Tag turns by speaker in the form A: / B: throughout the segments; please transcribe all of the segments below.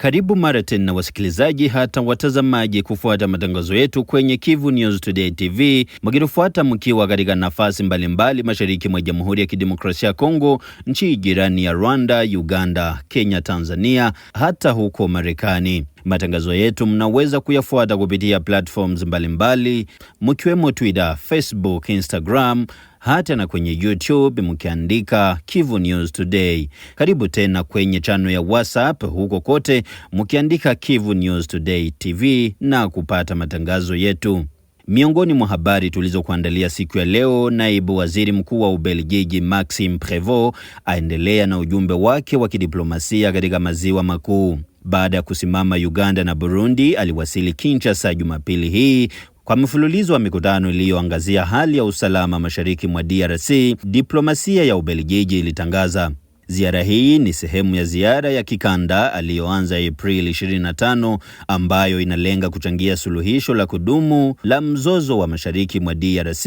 A: Karibu mara tena wasikilizaji, hata watazamaji, kufuata matangazo yetu kwenye Kivu News Today TV, mkitufuata mkiwa katika nafasi mbalimbali mashariki mwa Jamhuri ya Kidemokrasia ya Kongo, nchi jirani ya Rwanda, Uganda, Kenya, Tanzania, hata huko Marekani. Matangazo yetu mnaweza kuyafuata kupitia platforms mbalimbali mkiwemo Twitter, Facebook, Instagram hata na kwenye YouTube mkiandika Kivu News Today. Karibu tena kwenye chano ya WhatsApp, huko kote mkiandika Kivu News Today TV na kupata matangazo yetu. Miongoni mwa habari tulizokuandalia siku ya leo, naibu waziri mkuu wa Ubelgiji Maxime Prevot aendelea na ujumbe wake wa kidiplomasia katika maziwa makuu baada ya kusimama Uganda na Burundi, aliwasili Kinshasa Jumapili hii kwa mfululizo wa mikutano iliyoangazia hali ya usalama mashariki mwa DRC, diplomasia ya Ubelgiji ilitangaza. Ziara hii ni sehemu ya ziara ya kikanda aliyoanza Aprili 25 ambayo inalenga kuchangia suluhisho la kudumu la mzozo wa mashariki mwa DRC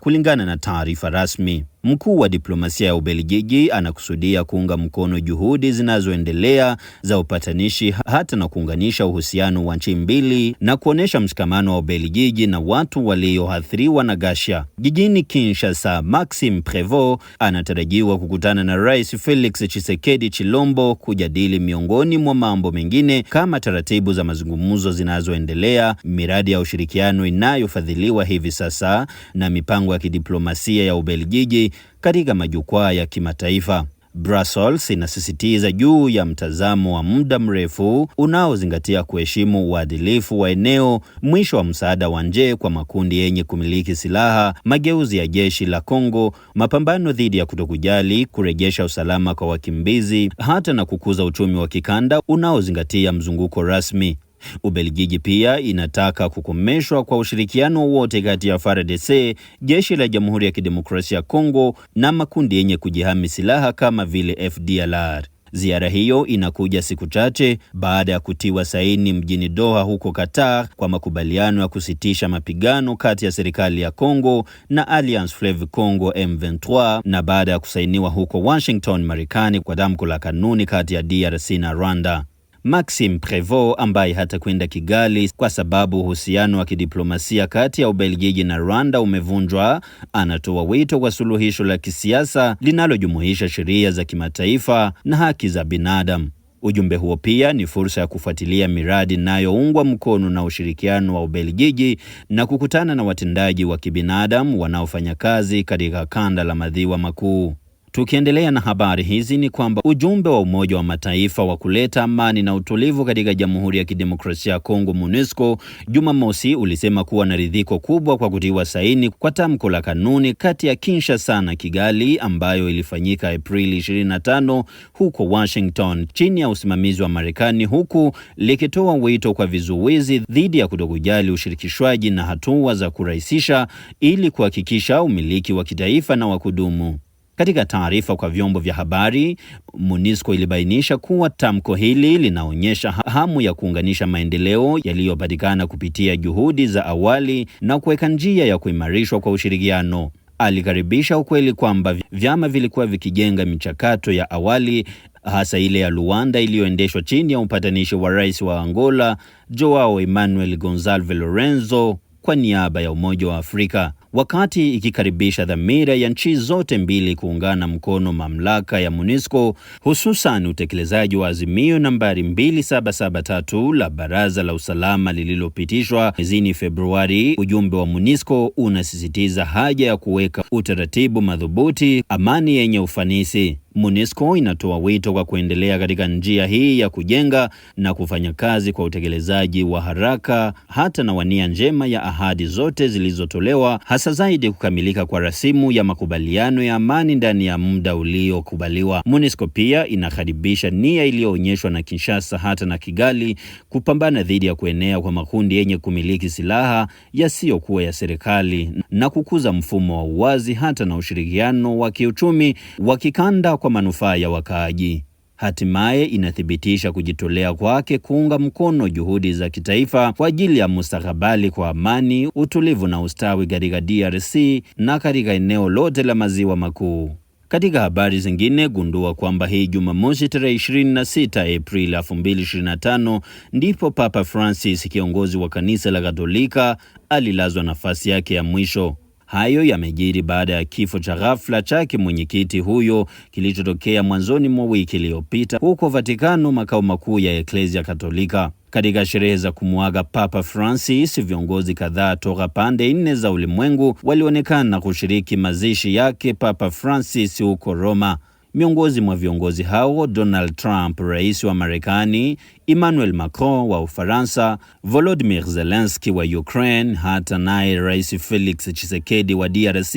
A: kulingana na taarifa rasmi. Mkuu wa diplomasia ya Ubelgiji anakusudia kuunga mkono juhudi zinazoendelea za upatanishi hata na kuunganisha uhusiano wa nchi mbili na kuonyesha mshikamano wa Ubelgiji na watu walioathiriwa na ghasia. Jijini Kinshasa, Maxime Prevot anatarajiwa kukutana na Rais Felix Tshisekedi Chilombo kujadili miongoni mwa mambo mengine kama taratibu za mazungumzo zinazoendelea, miradi ya ushirikiano inayofadhiliwa hivi sasa na mipango ya kidiplomasia ya Ubelgiji katika majukwaa ya kimataifa. Brussels inasisitiza juu ya mtazamo wa muda mrefu unaozingatia kuheshimu uadilifu wa eneo, mwisho wa msaada wa nje kwa makundi yenye kumiliki silaha, mageuzi ya jeshi la Kongo, mapambano dhidi ya kutokujali, kurejesha usalama kwa wakimbizi, hata na kukuza uchumi wa kikanda unaozingatia mzunguko rasmi. Ubelgiji pia inataka kukomeshwa kwa ushirikiano wote kati ya FARDC, jeshi la Jamhuri ya Kidemokrasia ya Kongo na makundi yenye kujihami silaha kama vile FDLR. Ziara hiyo inakuja siku chache baada ya kutiwa saini mjini Doha huko Qatar kwa makubaliano ya kusitisha mapigano kati ya serikali ya Kongo na Alliance Fleuve Congo M23 na baada ya kusainiwa huko Washington, Marekani kwa tamko la kanuni kati ya DRC na Rwanda. Maxime Prevot ambaye hatakwenda Kigali kwa sababu uhusiano wa kidiplomasia kati ya Ubelgiji na Rwanda umevunjwa, anatoa wito kwa suluhisho la kisiasa linalojumuisha sheria za kimataifa na haki za binadamu. Ujumbe huo pia ni fursa ya kufuatilia miradi inayoungwa mkono na ushirikiano wa Ubelgiji na kukutana na watendaji wa kibinadamu wanaofanya kazi katika kanda la Maziwa Makuu. Tukiendelea na habari hizi ni kwamba ujumbe wa Umoja wa Mataifa wa kuleta amani na utulivu katika Jamhuri ya Kidemokrasia ya Kongo, MONUSCO, Jumamosi ulisema kuwa na ridhiko kubwa kwa kutiwa saini kwa tamko la kanuni kati ya Kinshasa na Kigali ambayo ilifanyika Aprili 25 huko Washington chini ya usimamizi wa Marekani, huku likitoa wito kwa vizuizi dhidi ya kutokujali ushirikishwaji na hatua za kurahisisha ili kuhakikisha umiliki wa kitaifa na wa kudumu. Katika taarifa kwa vyombo vya habari, MONUSCO ilibainisha kuwa tamko hili linaonyesha hamu ya kuunganisha maendeleo yaliyopatikana kupitia juhudi za awali na kuweka njia ya kuimarishwa kwa ushirikiano. Alikaribisha ukweli kwamba vyama vilikuwa vikijenga michakato ya awali hasa ile ya Luanda iliyoendeshwa chini ya upatanishi wa Rais wa Angola Joao Emmanuel Gonzalve Lorenzo kwa niaba ya Umoja wa Afrika wakati ikikaribisha dhamira ya nchi zote mbili kuungana mkono mamlaka ya MONUSCO hususan utekelezaji wa azimio nambari 2773 la Baraza la Usalama lililopitishwa mwezini Februari. Ujumbe wa MONUSCO unasisitiza haja ya kuweka utaratibu madhubuti, amani yenye ufanisi MONUSCO inatoa wito kwa kuendelea katika njia hii ya kujenga na kufanya kazi kwa utekelezaji wa haraka hata na wania njema ya ahadi zote zilizotolewa, hasa zaidi kukamilika kwa rasimu ya makubaliano ya amani ndani ya muda uliokubaliwa. MONUSCO pia inakaribisha nia iliyoonyeshwa na Kinshasa hata na Kigali kupambana dhidi ya kuenea kwa makundi yenye kumiliki silaha yasiyokuwa ya serikali na kukuza mfumo wa uwazi hata na ushirikiano wa kiuchumi wa kikanda kwa manufaa ya wakaaji. Hatimaye inathibitisha kujitolea kwake kuunga mkono juhudi za kitaifa kwa ajili ya mustakabali kwa amani, utulivu na ustawi katika DRC na katika eneo lote la maziwa makuu. Katika habari zingine, gundua kwamba hii Jumamosi tarehe 26 Aprili 2025 ndipo Papa Francis, kiongozi wa kanisa la Katolika, alilazwa nafasi yake ya mwisho. Hayo yamejiri baada ya kifo cha ghafla chake mwenyekiti huyo kilichotokea mwanzoni mwa wiki iliyopita huko Vatikano, makao makuu ya Eklezia Katolika. Katika sherehe za kumwaga Papa Francis, viongozi kadhaa toka pande nne za ulimwengu walionekana kushiriki mazishi yake Papa Francis huko Roma miongozi mwa viongozi hao Donald Trump, rais wa Marekani, Emmanuel Macron wa Ufaransa, Volodymyr Zelensky wa Ukraine, hata naye Rais Felix Tshisekedi wa DRC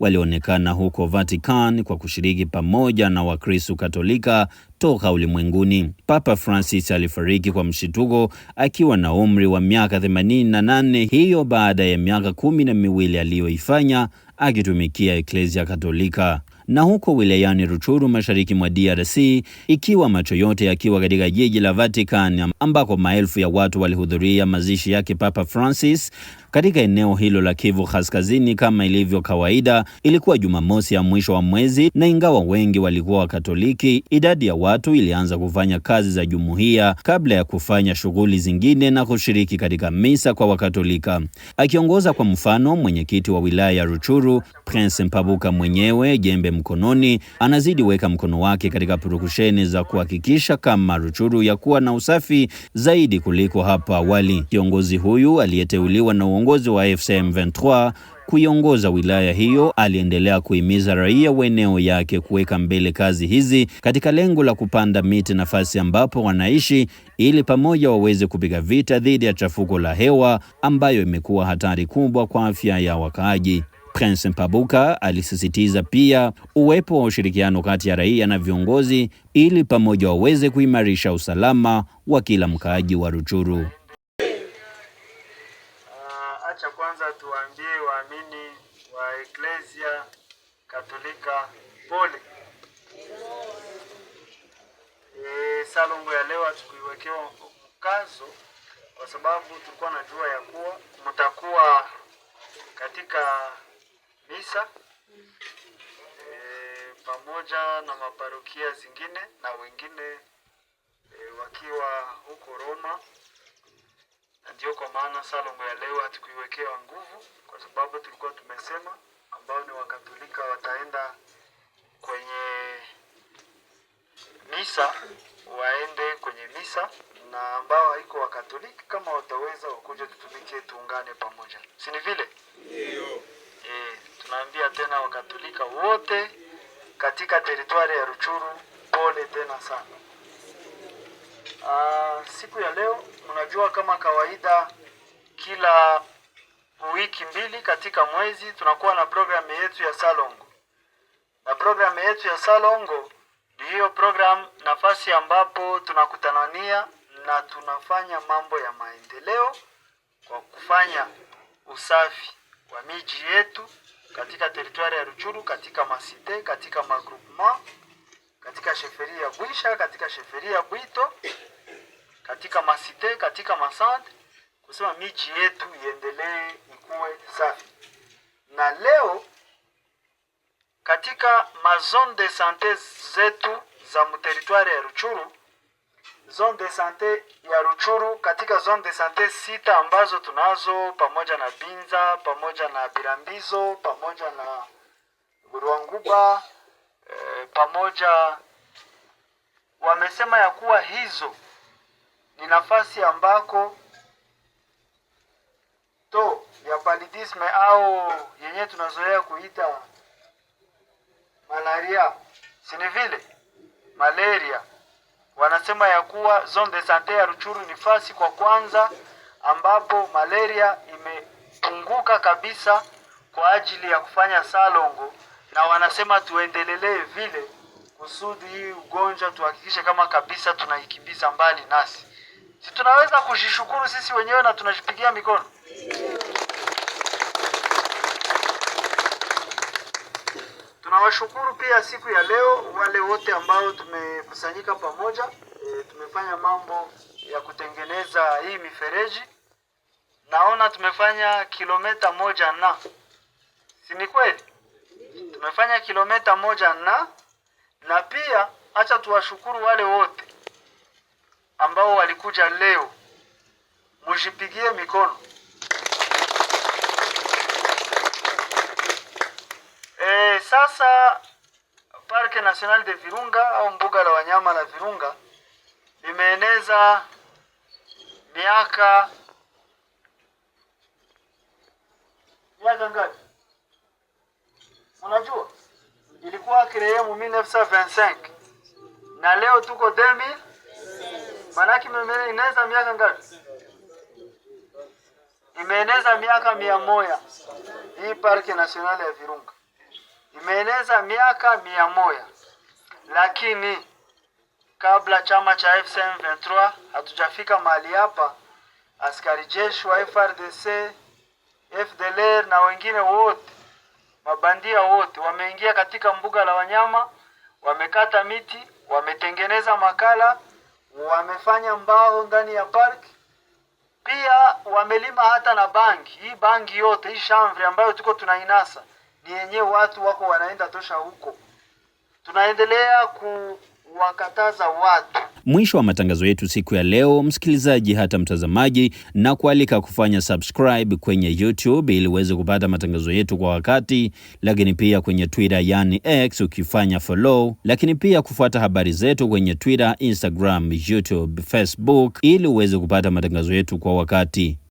A: walionekana huko Vatican kwa kushiriki pamoja na Wakristo Katolika toka ulimwenguni. Papa Francis alifariki kwa mshituko akiwa na umri wa miaka 88, hiyo baada ya miaka kumi na miwili aliyoifanya akitumikia Eklezia Katolika na huko wilayani Ruchuru mashariki mwa DRC, ikiwa macho yote yakiwa katika jiji la Vatican ambako maelfu ya watu walihudhuria mazishi yake Papa Francis katika eneo hilo la Kivu Kaskazini. Kama ilivyo kawaida, ilikuwa Jumamosi ya mwisho wa mwezi, na ingawa wengi walikuwa Wakatoliki, idadi ya watu ilianza kufanya kazi za jumuiya kabla ya kufanya shughuli zingine na kushiriki katika misa kwa Wakatolika. Akiongoza kwa mfano, mwenyekiti wa wilaya ya Ruchuru Prince Mpabuka mwenyewe, jembe mkononi, anazidi weka mkono wake katika purukusheni za kuhakikisha kama Ruchuru ya kuwa na usafi zaidi kuliko hapo awali. Kiongozi huyu aliyeteuliwa na uongozi wa AFC M23 kuiongoza wilaya hiyo, aliendelea kuhimiza raia wa eneo yake kuweka mbele kazi hizi katika lengo la kupanda miti nafasi ambapo wanaishi ili pamoja waweze kupiga vita dhidi ya chafuko la hewa ambayo imekuwa hatari kubwa kwa afya ya wakaaji. Prince Mpabuka alisisitiza pia uwepo wa ushirikiano kati ya raia na viongozi ili pamoja waweze kuimarisha usalama wa kila mkaaji wa Ruchuru.
B: Katolika pole. E, salongo ya leo hatukuiwekewa mkazo kwa sababu tulikuwa na jua ya kuwa mtakuwa katika misa e, pamoja na maparokia zingine na wengine e, wakiwa huko Roma, na ndio kwa maana salongo ya leo hatukuiwekewa nguvu kwa sababu tulikuwa tumesema ambao ni Wakatolika wataenda kwenye misa, waende kwenye misa, na ambao haiko Wakatoliki kama wataweza wakuja, tutumike, tuungane pamoja, si ni vile? Ndio. E, tunaambia tena Wakatolika wote katika teritwari ya Ruchuru, pole tena sana. Aa, ah, siku ya leo mnajua kama kawaida kila wiki mbili katika mwezi tunakuwa na programu yetu ya Salongo, na programu yetu ya Salongo hiyo program nafasi ambapo tunakutanania na tunafanya mambo ya maendeleo kwa kufanya usafi wa miji yetu katika teritwari ya Ruchuru, katika masite, katika magroupement, katika sheferi ya Bwisha, katika sheferi ya Bwito, katika masite, katika masante, kusema miji yetu iendelee muwe safi. Na leo katika mazone de sante zetu za mteritwari ya Ruchuru, zone de sante ya Ruchuru, katika zone de sante sita ambazo tunazo pamoja na Binza pamoja na Birambizo pamoja na Ruanguba eh, pamoja wamesema ya kuwa hizo ni nafasi ambako to ya paludisme au yenye tunazoea kuita malaria, si ni vile malaria. Wanasema ya kuwa zone de sante ya Ruchuru ni fasi kwa kwanza ambapo malaria imepunguka kabisa kwa ajili ya kufanya salongo, na wanasema tuendelelee vile kusudi hii ugonjwa tuhakikishe kama kabisa tunaikimbiza mbali nasi. Si tunaweza kujishukuru sisi wenyewe na tunajipigia mikono. Tunawashukuru pia siku ya leo wale wote ambao tumekusanyika pamoja. E, tumefanya mambo ya kutengeneza hii mifereji. Naona tumefanya kilomita moja na, si ni kweli? Tumefanya kilomita moja na na pia acha tuwashukuru wale wote ambao walikuja leo, mujipigie mikono. Eh, sasa Parque National de Virunga au mbuga la wanyama la Virunga imeeneza miaka miaka ngapi? Unajua ilikuwa kreye mu 1925 na leo tuko 2000 maanake imeeneza miaka ngapi? Imeeneza miaka mia hii Parke National ya Virunga imeeneza miaka mia moja, lakini kabla chama cha FCM 23 hatujafika mahali hapa, askari jeshi wa FRDC, FDLR na wengine wote mabandia wote wameingia katika mbuga la wanyama, wamekata miti, wametengeneza makala, wamefanya mbao ndani ya park, pia wamelima hata na bangi. Hii bangi yote hii shamvri ambayo tuko tunainasa yenye watu wako wanaenda tosha huko, tunaendelea kuwakataza watu.
A: Mwisho wa matangazo yetu siku ya leo, msikilizaji hata mtazamaji, na kualika kufanya subscribe kwenye YouTube ili uweze kupata matangazo yetu kwa wakati, lakini pia kwenye Twitter yani X ukifanya follow, lakini pia kufuata habari zetu kwenye Twitter, Instagram, YouTube, Facebook ili uweze kupata matangazo yetu kwa wakati.